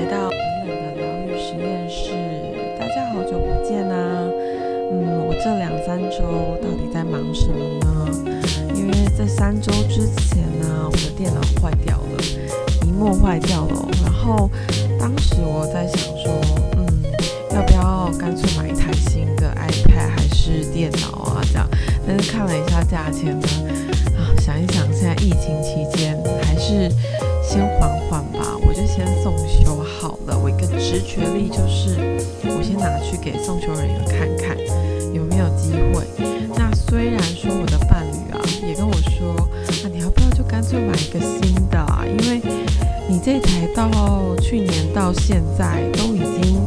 來到冷冷的療癒實驗室，大家好久不見啦、啊。嗯，我這兩三周到底在忙什麼呢？因為這三周之前呢，我的電腦壞掉了，屏幕壞掉了。然後當時我在想說，嗯，要不要乾脆買一台新的 iPad 還是電腦啊？這樣，但是看了一下價錢呢，啊，想一想，現在疫情期間，還是先緩緩吧。我就先送。直覺力就是，我先拿去給送修人員看看有沒有機會。那雖然說我的伴侶啊也跟我說啊，你要不要就乾脆買一個新的啊？因為你這台到去年到現在都已經。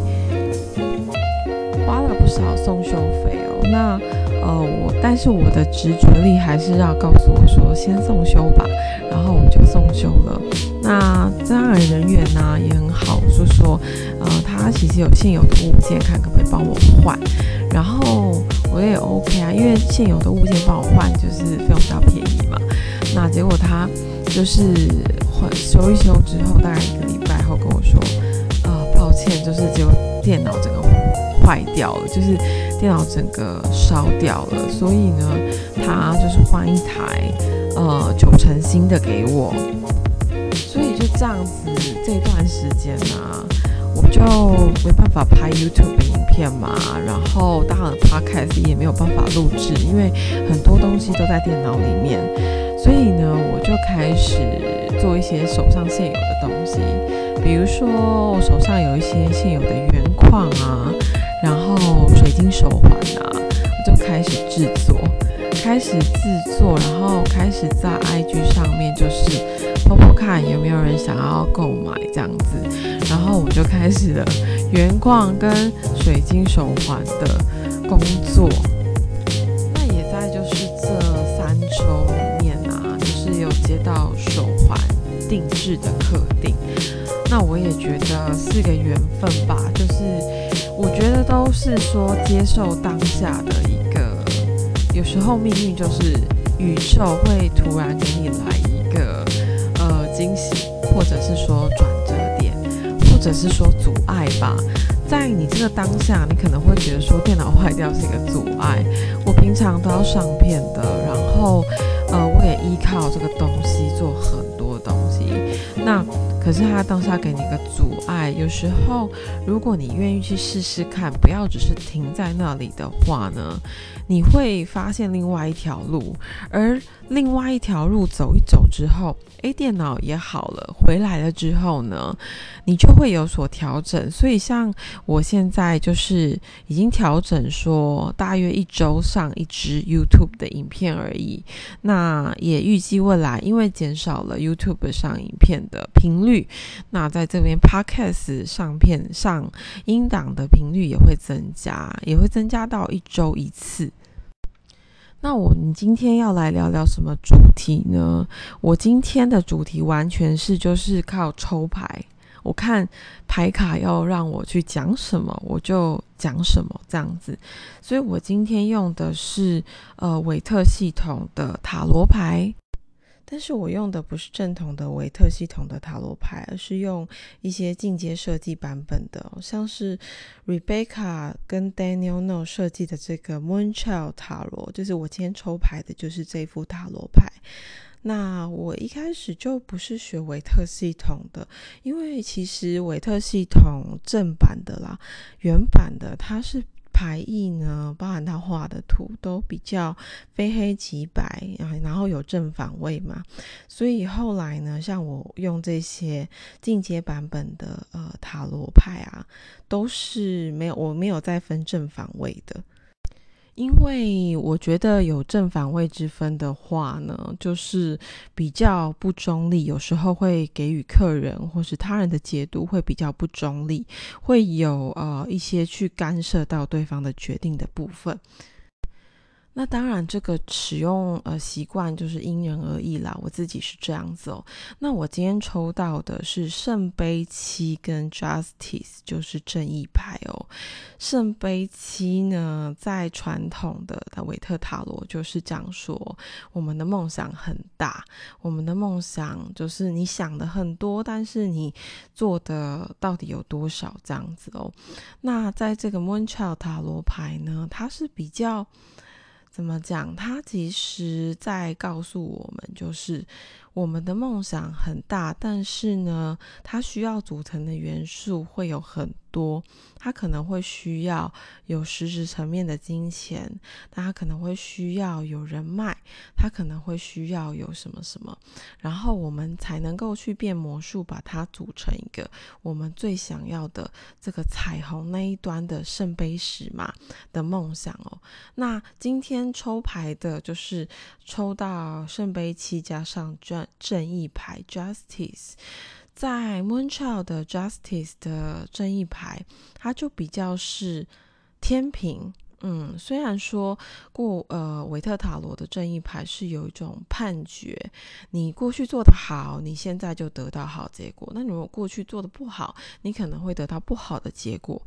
少送修費哦，那呃我，但是我的直覺力還是要告訴我說先送修吧，然後我們就送修了。那這樣人員呢、啊、也很好，就說呃他其實有現有的物件，看可不可以幫我換，然後我也 OK 啊，因為現有的物件幫我換就是費用比較便宜嘛。那結果他就是換修一修之後，大概一個禮拜後跟我說，呃、抱歉，就是就電腦整個。壞掉了，就是電腦整個燒掉了，所以呢，他就是換一台，呃，九成新的給我，所以就這樣子，這段時間呢、啊，我就沒辦法拍 YouTube 的影片嘛，然後當然 podcast 也沒有辦法錄製，因為很多東西都在電腦裡面，所以呢，我就開始做一些手上現有的東西，比如說我手上有一些現有的原礦啊。然後水晶手環啊，我就開始制作，開始制作，然後開始在 IG 上面就是公布，看有沒有人想要購買這樣子。然後我就開始了原礦跟水晶手環的工作。那也在就是這三周裡面啊，就是有接到手環定制的客訂。那我也覺得是個緣分吧，就是。我覺得都是說接受當下的一個。有時候命運就是宇宙會突然給你來一個呃驚喜，或者是說轉折點，或者是說阻礙吧。在你這個當下，你可能會覺得說電腦壞掉是一個阻礙。我平常都要上片的，然後呃，我也依靠這個東西做很多東西。那。可是他當下給你一個阻礙，有時候如果你願意去試試看，不要只是停在那裡的話呢，你會發現另外一條路，而另外一條路走一走之後，誒，電腦也好了，回來了之後呢，你就會有所調整。所以像我現在就是已經調整說，大約一周上一支 YouTube 的影片而已。那也預計未來，因為減少了 YouTube 上影片的頻率。那在這邊 Podcast 上片上音檔的頻率也會增加，也會增加到一周一次。那我，我們今天要來聊聊什麼主題呢？我今天的主題完全是就是靠抽牌，我看牌卡要讓我去講什麼，我就講什麼這樣子。所以我今天用的是呃韋特系統的塔羅牌。但是我用的不是正統的維特系統的塔羅牌，而是用一些進階設計版本的，像是 Rebecca 跟 Daniel No 設計的這個 Moonchild 塔羅，就是我今天抽牌的就是這副塔羅牌。那我一開始就不是學維特系統的，因為其實維特系統正版的啦，原版的它是。牌意呢，包含他畫的圖都比較非黑即白啊，然後有正反位嘛，所以後來呢，像我用這些進階版本的呃塔羅牌啊，都是沒有，我沒有再分正反位的。因為我覺得有正反位之分的話呢，就是比較不中立，有時候會給予客人或是他人的解讀會比較不中立，會有呃一些去干涉到對方的決定的部分。那當然，這個使用呃習慣就是因人而異啦。我自己是這樣子哦。那我今天抽到的是聖杯七跟 Justice，就是正義牌哦。聖杯七呢，在傳統的維特塔羅就是講說我們的夢想很大，我們的夢想就是你想的很多，但是你做的到底有多少這樣子哦。那在這個 Moonchild 塔羅牌呢，它是比較。怎麼講？他其實在告訴我們，就是我們的夢想很大，但是呢，它需要組成的元素會有很多。它可能會需要有實質層面的金錢，它可能會需要有人脈，它可能會需要有什麼什麼，然後我們才能夠去變魔術，把它組成一個我們最想要的這個彩虹那一端的聖杯石嘛的夢想哦。那今天抽牌的就是抽到聖杯七加上正正義牌 Justice，在 Moonchild 的 Justice 的正義牌，它就比較是天平。嗯，雖然說過，呃，韋特塔羅的正義牌是有一種判決，你過去做得好，你現在就得到好結果；那如果過去做得不好，你可能會得到不好的結果。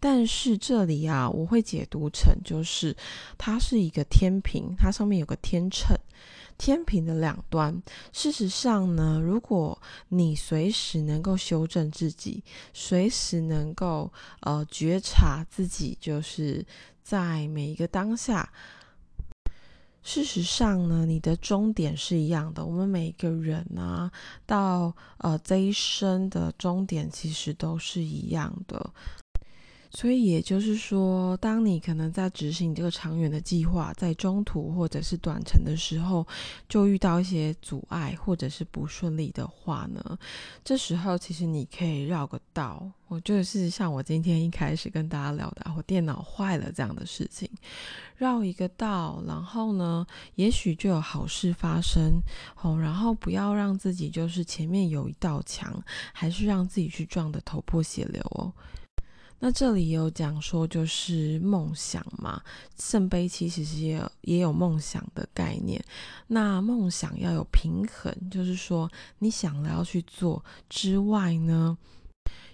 但是這裡啊，我會解讀成就是它是一個天平，它上面有個天秤，天平的兩端。事實上呢，如果你隨時能夠修正自己，隨時能夠呃覺察自己，就是。在每一個當下，事實上呢，你的終點是一樣的。我們每一個人呢、啊，到呃這一生的終點，其實都是一樣的。所以也就是說，當你可能在執行這個長遠的計劃，在中途或者是短程的時候，就遇到一些阻礙或者是不順利的話呢，這時候其實你可以繞個道。我就是像我今天一開始跟大家聊的，我電腦壞了這樣的事情，繞一個道，然後呢，也許就有好事發生。哦。然後不要讓自己就是前面有一道牆，還是讓自己去撞得頭破血流哦。那這裡有講說，就是夢想嘛，聖杯七其實也有也有夢想的概念。那夢想要有平衡，就是說你想了要去做之外呢。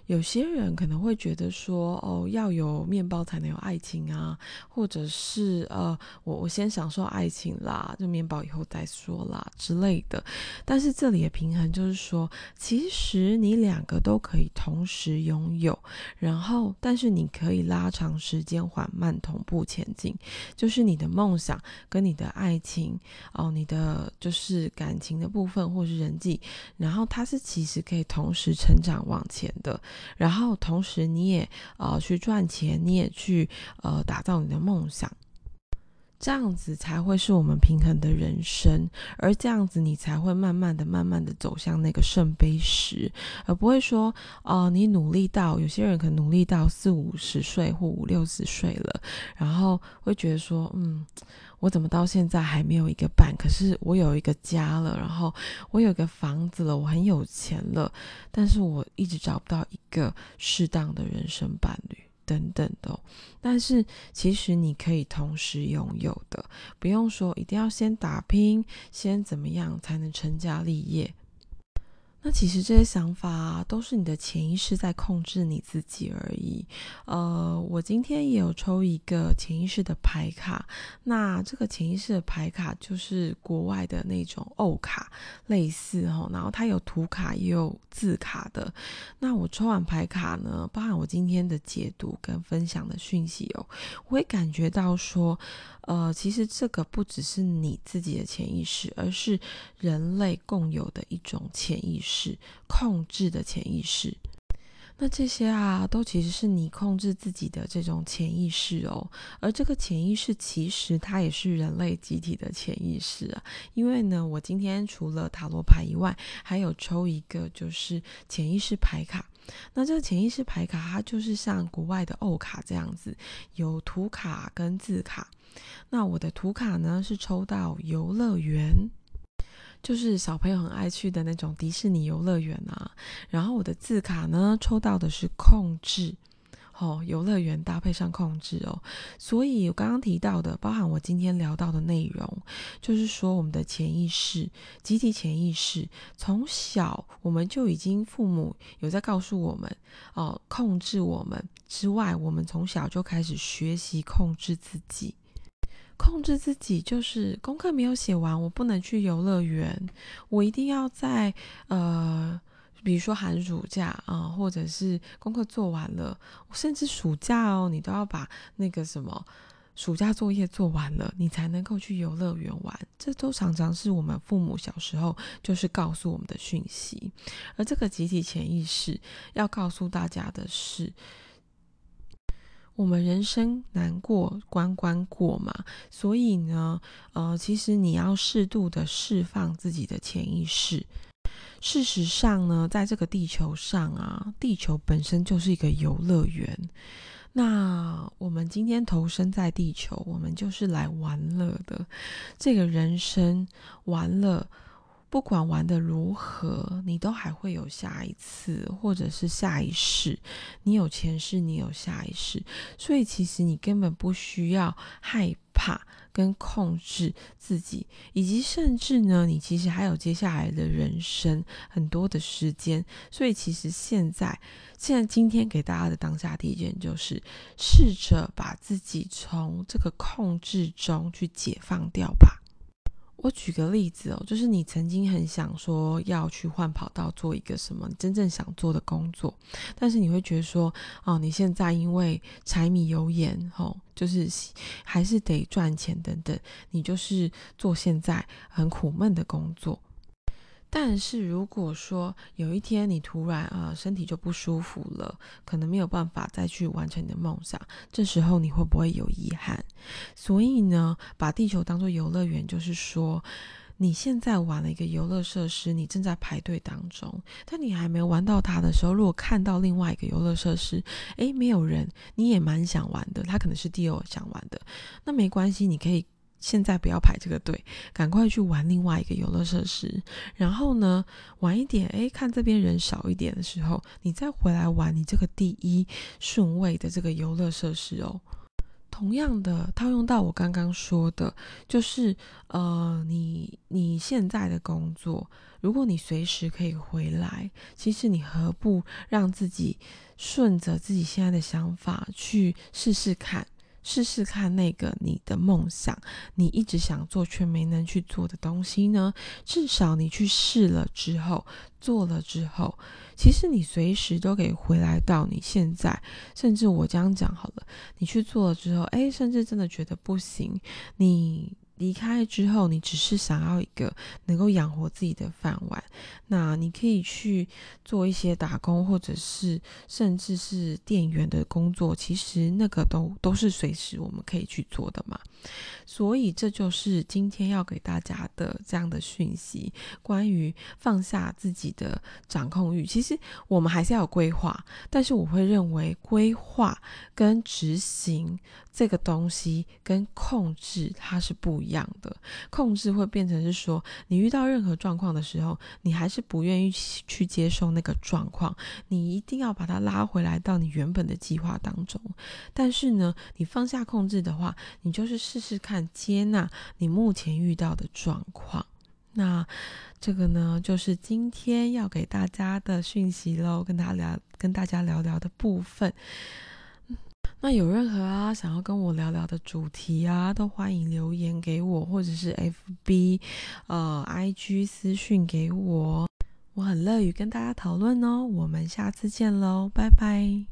有些人可能會覺得說，哦，要有麵包才能有愛情啊，或者是呃，我我先享受愛情啦，這麵包以後再說啦之類的。但是這裡的平衡就是說，其實你兩個都可以同時擁有，然後但是你可以拉長時間，緩慢同步前進，就是你的夢想跟你的愛情，哦，你的就是感情的部分或是人際，然後它是其實可以同時成長往前的。然後同時，你也呃去賺錢，你也去呃打造你的夢想，這樣子才會是我們平衡的人生。而這樣子，你才會慢慢的、慢慢的走向那個聖杯十，而不會說，哦、呃，你努力到有些人可能努力到四五十歲或五六十歲了，然後會覺得說，嗯。我怎麼到現在還沒有一個伴？可是我有一個家了，然後我有個房子了，我很有錢了，但是我一直找不到一個適當的人生伴侶，等等的哦。但是其實你可以同時擁有的，不用說一定要先打拼，先怎麼樣才能成家立業。那其實這些想法啊，都是你的潛意識在控制你自己而已。呃，我今天也有抽一個潛意識的牌卡，那這個潛意識的牌卡就是國外的那種歐卡，類似哦，然後它有圖卡也有字卡的。那我抽完牌卡呢，包含我今天的解讀跟分享的訊息哦，我也感覺到說，呃，其實這個不只是你自己的潛意識，而是人類共有的一種潛意識。是控制的潛意識，那這些啊，都其實是你控制自己的這種潛意識哦。而這個潛意識，其實它也是人類集體的潛意識啊。因為呢，我今天除了塔羅牌以外，還有抽一個就是潛意識牌卡。那這個潛意識牌卡，它就是像國外的歐卡這樣子，有圖卡跟字卡。那我的圖卡呢，是抽到遊樂園。就是小朋友很愛去的那種迪士尼遊樂園啊，然後我的字卡呢，抽到的是控制，哦，遊樂園搭配上控制哦，所以我剛剛提到的，包含我今天聊到的內容，就是說我們的潛意識，集體潛意識，從小我們就已經父母有在告訴我們哦、呃，控制我們之外，我們從小就開始學習控制自己。控制自己，就是功課沒有寫完，我不能去遊樂園。我一定要在呃，比如說寒暑假啊，呃，或者是功課做完了，甚至暑假哦，你都要把那個什麼暑假作業做完了，你才能夠去遊樂園玩。這都常常是我們父母小時候就是告訴我們的訊息，而這個集體潛意識要告訴大家的是。我們人生難過，關關過嘛，所以呢，呃，其實你要適度的釋放自己的潛意識。事實上呢，在這個地球上啊，地球本身就是一個遊樂園。那我們今天投身在地球，我們就是來玩樂的。這個人生玩樂。不管玩的如何，你都還會有下一次，或者是下一世。你有前世，你有下一世，所以其實你根本不需要害怕跟控制自己，以及甚至呢，你其實還有接下來的人生很多的時間。所以其實現在，現在今天給大家的當下第一件就是，試着把自己從這個控制中去解放掉吧。我舉個例子哦，就是你曾經很想說要去換跑道做一個什麼真正想做的工作，但是你會覺得說，哦，你現在因為柴米油鹽，吼、哦，就是還是得賺錢等等，你就是做現在很苦悶的工作。但是如果說有一天你突然啊、呃、身體就不舒服了，可能沒有辦法再去完成你的夢想，這時候你會不會有遺憾？所以呢，把地球當做遊樂園，就是說你現在玩了一個遊樂設施，你正在排隊當中，但你還沒有玩到它的時候，如果看到另外一個遊樂設施，誒，沒有人，你也蠻想玩的，他可能是第二想玩的，那沒關係，你可以。現在不要排這個隊，趕快去玩另外一個遊樂設施。然後呢，晚一點，誒，看這邊人少一點的時候，你再回來玩你這個第一順位的這個遊樂設施哦。同樣的，套用到我剛剛說的，就是呃，你你現在的工作，如果你隨時可以回來，其實你何不讓自己順着自己現在的想法去試試看？試試看那個你的夢想，你一直想做卻沒能去做的東西呢？至少你去試了之後，做了之後，其實你隨時都可以回來到你現在，甚至我這樣講好了，你去做了之後，誒，甚至真的覺得不行，你。離開之後，你只是想要一個能夠養活自己的飯碗，那你可以去做一些打工，或者是甚至是店員的工作。其實那個都都是隨時我們可以去做的嘛。所以這就是今天要給大家的這樣的訊息：關於放下自己的掌控慾。其實我們還是要有規劃，但是我會認為規劃跟執行這個東西跟控制它是不一樣。一樣的控制會變成是說，你遇到任何狀況的時候，你還是不願意去接受那個狀況，你一定要把它拉回來到你原本的計劃當中。但是呢，你放下控制的話，你就是試試看接納你目前遇到的狀況。那這個呢，就是今天要給大家的訊息嘍，跟大家跟大家聊聊的部分。那有任何啊想要跟我聊聊的主題啊，都歡迎留言給我，或者是 F B，呃，I G 私訊給我，我很樂於跟大家討論哦。我們下次見嘍，拜拜。